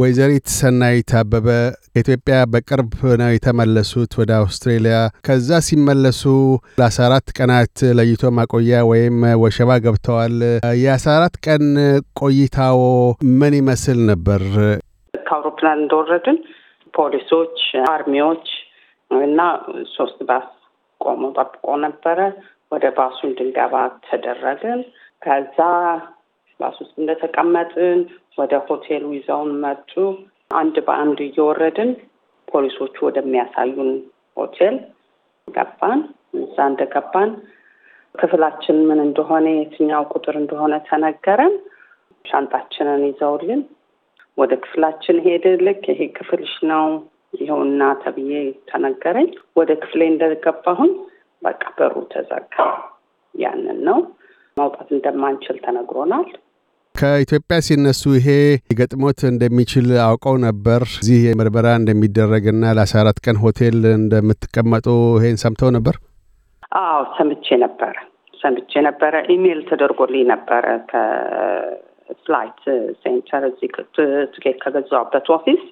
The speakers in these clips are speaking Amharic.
ወይዘሪት ሰናይት አበበ ከኢትዮጵያ በቅርብ ነው የተመለሱት ወደ አውስትሬሊያ። ከዛ ሲመለሱ ለአስራ አራት ቀናት ለይቶ ማቆያ ወይም ወሸባ ገብተዋል። የአስራ አራት ቀን ቆይታዎ ምን ይመስል ነበር? ከአውሮፕላን እንደወረድን ፖሊሶች፣ አርሚዎች እና ሶስት ባስ ቆሞ ጠብቆ ነበረ። ወደ ባሱ እንድንገባ ተደረግን። ከዛ ባስ ውስጥ እንደተቀመጥን ወደ ሆቴሉ ይዘውን መጡ። አንድ በአንድ እየወረድን ፖሊሶቹ ወደሚያሳዩን ሆቴል ገባን። እዛ እንደገባን ክፍላችን ምን እንደሆነ የትኛው ቁጥር እንደሆነ ተነገረን። ሻንጣችንን ይዘውልን ወደ ክፍላችን ሄድ። ልክ ይሄ ክፍልሽ ነው ይኸውና ተብዬ ተነገረኝ። ወደ ክፍሌ እንደገባሁን በቃ በሩ ተዘጋ። ያንን ነው መውጣት እንደማንችል ተነግሮናል። ከኢትዮጵያ ሲነሱ ይሄ ገጥሞት እንደሚችል አውቀው ነበር? እዚህ ምርመራ እንደሚደረግና ለአስራ አራት ቀን ሆቴል እንደምትቀመጡ ይሄን ሰምተው ነበር? አዎ ሰምቼ ነበረ ሰምቼ ነበረ። ኢሜይል ተደርጎልኝ ነበረ ከፍላይት ሴንተር እዚህ ትኬት ከገዛሁበት ኦፊስ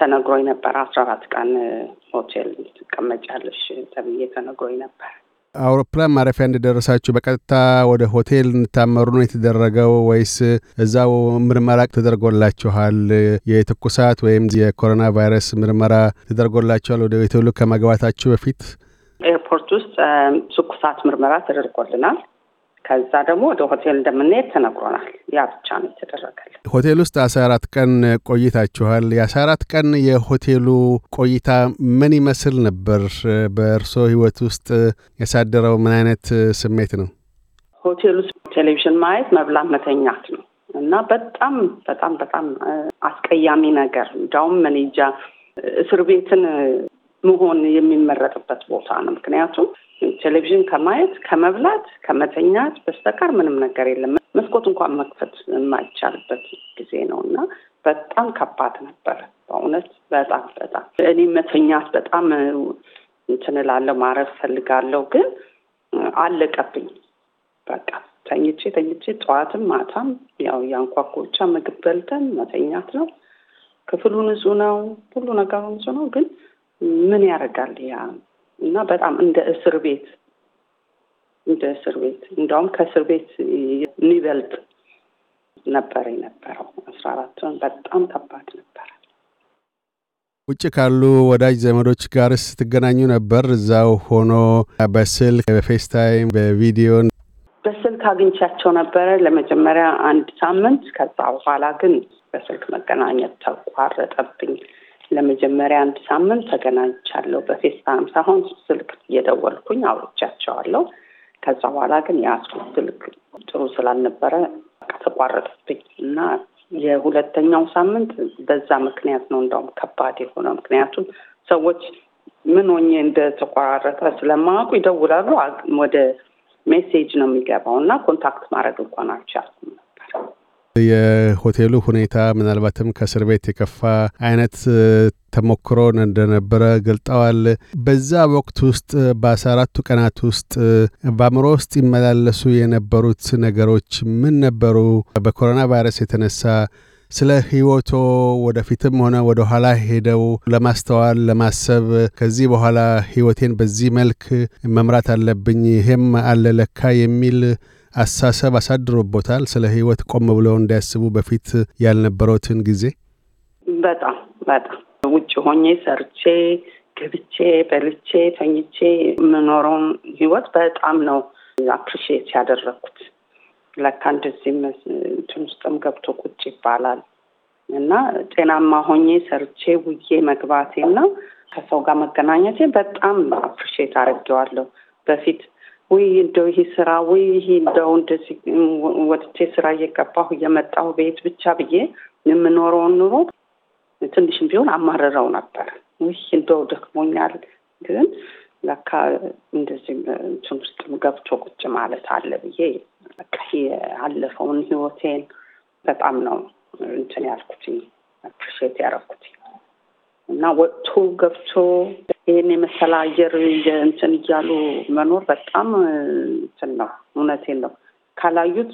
ተነግሮኝ ነበር። አስራ አራት ቀን ሆቴል ትቀመጫለሽ ተብዬ ተነግሮኝ ነበር። አውሮፕላን ማረፊያ እንደደረሳችሁ በቀጥታ ወደ ሆቴል እንታመሩ ነው የተደረገው ወይስ እዛው ምርመራ ተደርጎላችኋል? የትኩሳት ወይም የኮሮና ቫይረስ ምርመራ ተደርጎላችኋል? ወደ ቤተሉ ከመግባታችሁ በፊት ኤርፖርት ውስጥ ትኩሳት ምርመራ ተደርጎልናል። ከዛ ደግሞ ወደ ሆቴል እንደምንሄድ ተነግሮናል። ያ ብቻ ነው የተደረገል። ሆቴል ውስጥ አስራ አራት ቀን ቆይታችኋል። የአስራ አራት ቀን የሆቴሉ ቆይታ ምን ይመስል ነበር? በእርሶ ህይወት ውስጥ ያሳደረው ምን አይነት ስሜት ነው? ሆቴል ውስጥ ቴሌቪዥን ማየት፣ መብላት፣ መተኛት ነው እና በጣም በጣም በጣም አስቀያሚ ነገር እንዲያውም እኔ እንጃ እስር ቤትን መሆን የሚመረጥበት ቦታ ነው። ምክንያቱም ቴሌቪዥን ከማየት ከመብላት፣ ከመተኛት በስተቀር ምንም ነገር የለም። መስኮት እንኳን መክፈት የማይቻልበት ጊዜ ነው እና በጣም ከባድ ነበር። በእውነት በጣም በጣም እኔ መተኛት በጣም እንትን እላለሁ፣ ማረፍ ፈልጋለሁ፣ ግን አለቀብኝ በቃ ተኝቼ ተኝቼ ጠዋትም ማታም ያው ያንኳኩ ብቻ ምግብ በልተን መተኛት ነው። ክፍሉ ንጹህ ነው፣ ሁሉ ነገሩ ንጹህ ነው፣ ግን ምን ያደርጋል ያ እና በጣም እንደ እስር ቤት እንደ እስር ቤት እንዲያውም ከእስር ቤት የሚበልጥ ነበር የነበረው። አስራ አራቱን በጣም ከባድ ነበረ። ውጭ ካሉ ወዳጅ ዘመዶች ጋር ስትገናኙ ነበር? እዛው ሆኖ በስልክ በፌስታይም በቪዲዮን በስልክ አግኝቻቸው ነበረ ለመጀመሪያ አንድ ሳምንት። ከዛ በኋላ ግን በስልክ መገናኘት ተቋረጠብኝ። ለመጀመሪያ አንድ ሳምንት ተገናኝቻለሁ። በፌስታም ሳይሆን ስልክ እየደወልኩኝ አውሮቻቸዋለሁ። ከዛ በኋላ ግን የአስኩ ስልክ ጥሩ ስላልነበረ ተቋረጠብኝ እና የሁለተኛው ሳምንት በዛ ምክንያት ነው እንደውም ከባድ የሆነ ምክንያቱም ሰዎች ምን ሆኜ እንደተቋረጠ ስለማያውቁ ይደውላሉ። ወደ ሜሴጅ ነው የሚገባው እና ኮንታክት ማድረግ እንኳን አልቻልኩም። የሆቴሉ ሁኔታ ምናልባትም ከእስር ቤት የከፋ አይነት ተሞክሮ እንደነበረ ገልጠዋል። በዛ ወቅት ውስጥ በአስራ አራቱ ቀናት ውስጥ በአእምሮ ውስጥ ይመላለሱ የነበሩት ነገሮች ምን ነበሩ? በኮሮና ቫይረስ የተነሳ ስለ ህይወቶ ወደፊትም ሆነ ወደ ኋላ ሄደው ለማስተዋል ለማሰብ፣ ከዚህ በኋላ ህይወቴን በዚህ መልክ መምራት አለብኝ፣ ይህም አለለካ የሚል አሳሰብ አሳድሮቦታል? ስለ ህይወት ቆም ብለው እንዳያስቡ በፊት ያልነበረትን ጊዜ በጣም በጣም ውጭ ሆኜ ሰርቼ ገብቼ በልቼ ተኝቼ የምኖረውን ህይወት በጣም ነው አፕሪሺየት ያደረግኩት። ለካ እንደዚህ እንትን ውስጥም ገብቶ ቁጭ ይባላል እና ጤናማ ሆኜ ሰርቼ ውዬ መግባቴና ከሰው ጋር መገናኘቴ በጣም አፕሪሺየት አድርጌዋለሁ። በፊት ውይ እንደው ይሄ ስራ ወይ ይሄ እንደው እንደዚህ ወጥቼ ስራ እየገባሁ እየመጣሁ ቤት ብቻ ብዬ የምኖረውን ኑሮ ትንሽም ቢሆን አማረረው ነበር። ውይ እንደው ደክሞኛል። ግን ለካ እንደዚህ እንትን ውስጥም ገብቶ ቁጭ ማለት አለ ብዬ ያለፈውን ህይወቴን በጣም ነው እንትን ያልኩትኝ አፕሪሼት ያደረኩትኝ እና ወጥቶ ገብቶ ይህን የመሰለ አየር እንትን እያሉ መኖር በጣም እንትን ነው። እውነቴን ነው። ካላዩት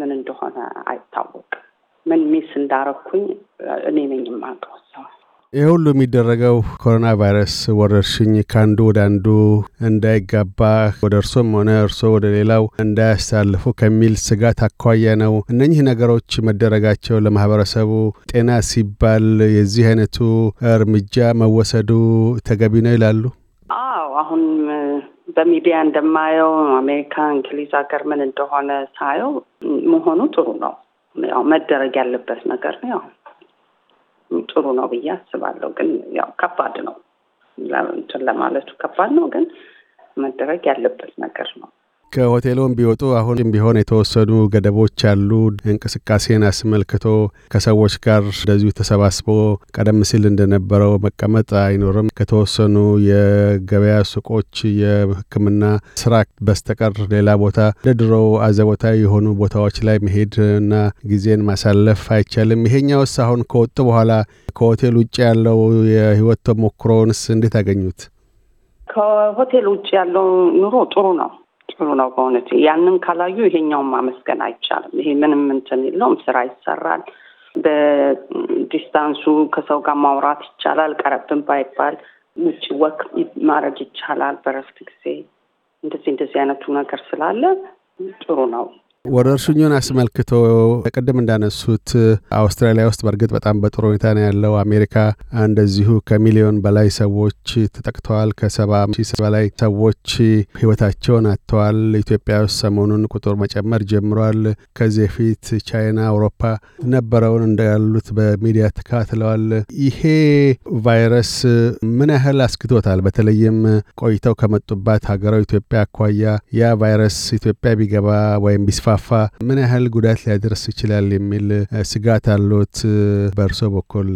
ምን እንደሆነ አይታወቅም። ምን ሚስ እንዳረኩኝ እኔ ነኝ የማውቀው። ይህ ሁሉ የሚደረገው ኮሮና ቫይረስ ወረርሽኝ ከአንዱ ወደ አንዱ እንዳይጋባ ወደ እርሶም ሆነ እርሶ ወደ ሌላው እንዳያስተላልፉ ከሚል ስጋት አኳያ ነው። እነኚህ ነገሮች መደረጋቸው ለማህበረሰቡ ጤና ሲባል የዚህ አይነቱ እርምጃ መወሰዱ ተገቢ ነው ይላሉ? አዎ፣ አሁን በሚዲያ እንደማየው አሜሪካ፣ እንግሊዝ ሀገር ምን እንደሆነ ሳየው መሆኑ ጥሩ ነው። ያው መደረግ ያለበት ነገር ነው። ያው ጥሩ ነው ብዬ አስባለሁ። ግን ያው ከባድ ነው እንትን ለማለቱ ከባድ ነው፣ ግን መደረግ ያለበት ነገር ነው። ከሆቴሉም ቢወጡ አሁንም ቢሆን የተወሰኑ ገደቦች ያሉ እንቅስቃሴን አስመልክቶ ከሰዎች ጋር እንደዚሁ ተሰባስቦ ቀደም ሲል እንደነበረው መቀመጥ አይኖርም። ከተወሰኑ የገበያ ሱቆች፣ የሕክምና ስራ በስተቀር ሌላ ቦታ ለድሮ አዘቦታዊ የሆኑ ቦታዎች ላይ መሄድ እና ጊዜን ማሳለፍ አይቻልም። ይሄኛውስ አሁን ከወጡ በኋላ ከሆቴል ውጭ ያለው የህይወት ተሞክሮንስ እንዴት አገኙት? ከሆቴል ውጭ ያለው ኑሮ ጥሩ ነው። ጥሩ ነው በእውነት ያንን ካላዩ ይሄኛውን ማመስገን አይቻልም። ይሄ ምንም እንትን የለውም። ስራ ይሰራል። በዲስታንሱ ከሰው ጋር ማውራት ይቻላል። ቀረብን ባይባል ውጭ ወክ ማድረግ ይቻላል። በረፍት ጊዜ እንደዚህ እንደዚህ አይነቱ ነገር ስላለ ጥሩ ነው። ወረርሽኙን አስመልክቶ ቅድም እንዳነሱት አውስትራሊያ ውስጥ በእርግጥ በጣም በጥሩ ሁኔታ ነው ያለው። አሜሪካ እንደዚሁ ከሚሊዮን በላይ ሰዎች ተጠቅተዋል። ከሰባ ሺህ በላይ ሰዎች ህይወታቸውን አጥተዋል። ኢትዮጵያ ውስጥ ሰሞኑን ቁጥር መጨመር ጀምሯል። ከዚህ በፊት ቻይና፣ አውሮፓ ነበረውን እንዳሉት በሚዲያ ተካትለዋል። ይሄ ቫይረስ ምን ያህል አስግቶታል? በተለይም ቆይተው ከመጡባት ሀገራዊ ኢትዮጵያ አኳያ ያ ቫይረስ ኢትዮጵያ ቢገባ ወይም ቢስፋ ቢስፋፋ ምን ያህል ጉዳት ሊያደርስ ይችላል የሚል ስጋት አለዎት በእርሶ በኩል?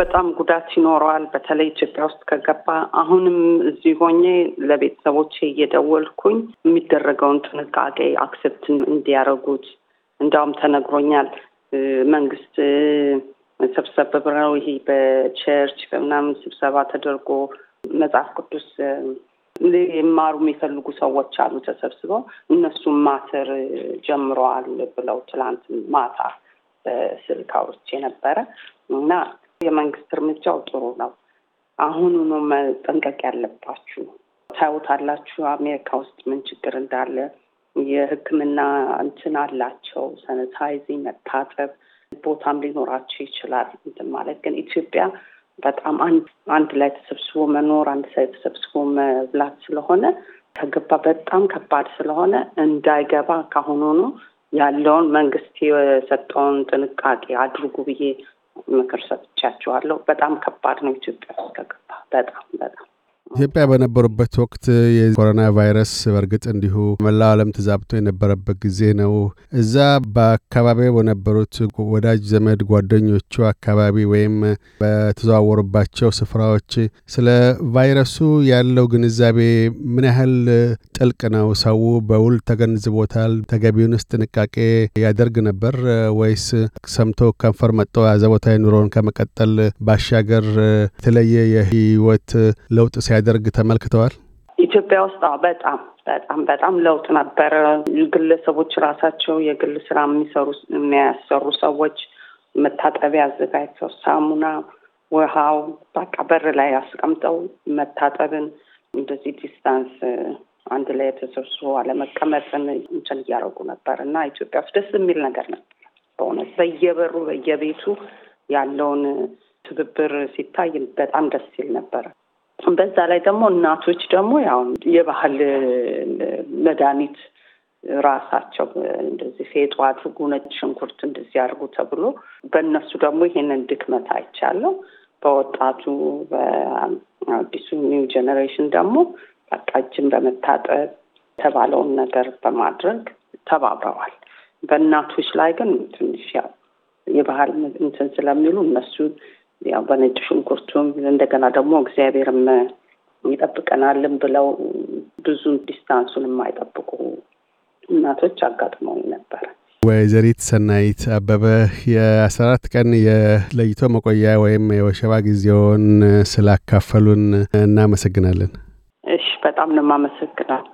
በጣም ጉዳት ይኖረዋል። በተለይ ኢትዮጵያ ውስጥ ከገባ አሁንም እዚህ ሆኜ ለቤተሰቦቼ እየደወልኩኝ የሚደረገውን ጥንቃቄ አክሴፕት እንዲያደርጉት እንዲያውም ተነግሮኛል። መንግስት ሰብሰብ ብለው ይሄ በቸርች በምናምን ስብሰባ ተደርጎ መጽሐፍ ቅዱስ ሊማሩ የሚፈልጉ ሰዎች አሉ ተሰብስበው እነሱም ማተር ጀምረዋል ብለው ትላንት ማታ ስልክ አውርቼ ነበረ እና የመንግስት እርምጃው ጥሩ ነው። አሁኑኑ መጠንቀቅ ያለባችሁ ታዩታላችሁ። አሜሪካ ውስጥ ምን ችግር እንዳለ የሕክምና እንትን አላቸው። ሰነታይዚ መታጠብ ቦታም ሊኖራቸው ይችላል እንትን ማለት ግን ኢትዮጵያ በጣም አንድ ላይ ተሰብስቦ መኖር አንድ ላይ ተሰብስቦ መብላት ስለሆነ ከገባ በጣም ከባድ ስለሆነ እንዳይገባ ካሁኑ ያለውን መንግስት የሰጠውን ጥንቃቄ አድርጉ ብዬ ምክር ሰጥቻቸዋለሁ። በጣም ከባድ ነው ኢትዮጵያ ከገባ በጣም በጣም ኢትዮጵያ በነበሩበት ወቅት የኮሮና ቫይረስ በእርግጥ እንዲሁ መላው ዓለም ተዛብቶ የነበረበት ጊዜ ነው። እዛ በአካባቢው በነበሩት ወዳጅ ዘመድ ጓደኞቹ አካባቢ ወይም በተዘዋወሩባቸው ስፍራዎች ስለ ቫይረሱ ያለው ግንዛቤ ምን ያህል ጥልቅ ነው? ሰው በውል ተገንዝቦታል? ተገቢውንስ ጥንቃቄ ያደርግ ነበር ወይስ ሰምቶ ከንፈር መጦ ያዘቦታዊ ኑሮን ከመቀጠል ባሻገር የተለየ የህይወት ለውጥ ሲያ ሳይደርግ ተመልክተዋል? ኢትዮጵያ ውስጥ በጣም በጣም በጣም ለውጥ ነበረ። ግለሰቦች ራሳቸው የግል ስራ የሚሰሩ የሚያሰሩ ሰዎች መታጠቢያ አዘጋጅተው ሳሙና፣ ውሃው በቃ በር ላይ አስቀምጠው መታጠብን እንደዚህ ዲስታንስ አንድ ላይ የተሰብስቦ አለመቀመጥን እንትን እያደረጉ ነበር እና ኢትዮጵያ ውስጥ ደስ የሚል ነገር ነበር በእውነት በየበሩ በየቤቱ ያለውን ትብብር ሲታይ በጣም ደስ ይል ነበረ። በዛ ላይ ደግሞ እናቶች ደግሞ ያው የባህል መድኃኒት ራሳቸው እንደዚህ ፌጦ አድርጉ፣ ነጭ ሽንኩርት እንደዚህ አድርጉ ተብሎ በእነሱ ደግሞ ይሄንን ድክመት አይቻለሁ። በወጣቱ በአዲሱ ኒው ጀኔሬሽን ደግሞ በቃ እጅን በመታጠብ የተባለውን ነገር በማድረግ ተባብረዋል። በእናቶች ላይ ግን ትንሽ ያው የባህል እንትን ስለሚሉ እነሱ ያው በነጭ ሽንኩርቱም እንደገና ደግሞ እግዚአብሔርም ይጠብቀናልም ብለው ብዙ ዲስታንሱን የማይጠብቁ እናቶች አጋጥመው ነበር። ወይዘሪት ሰናይት አበበ የአስራ አራት ቀን የለይቶ መቆያ ወይም የወሸባ ጊዜውን ስላካፈሉን እናመሰግናለን። እሺ፣ በጣም ነው የማመሰግናል።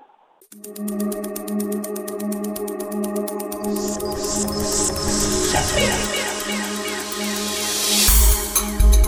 Yeah.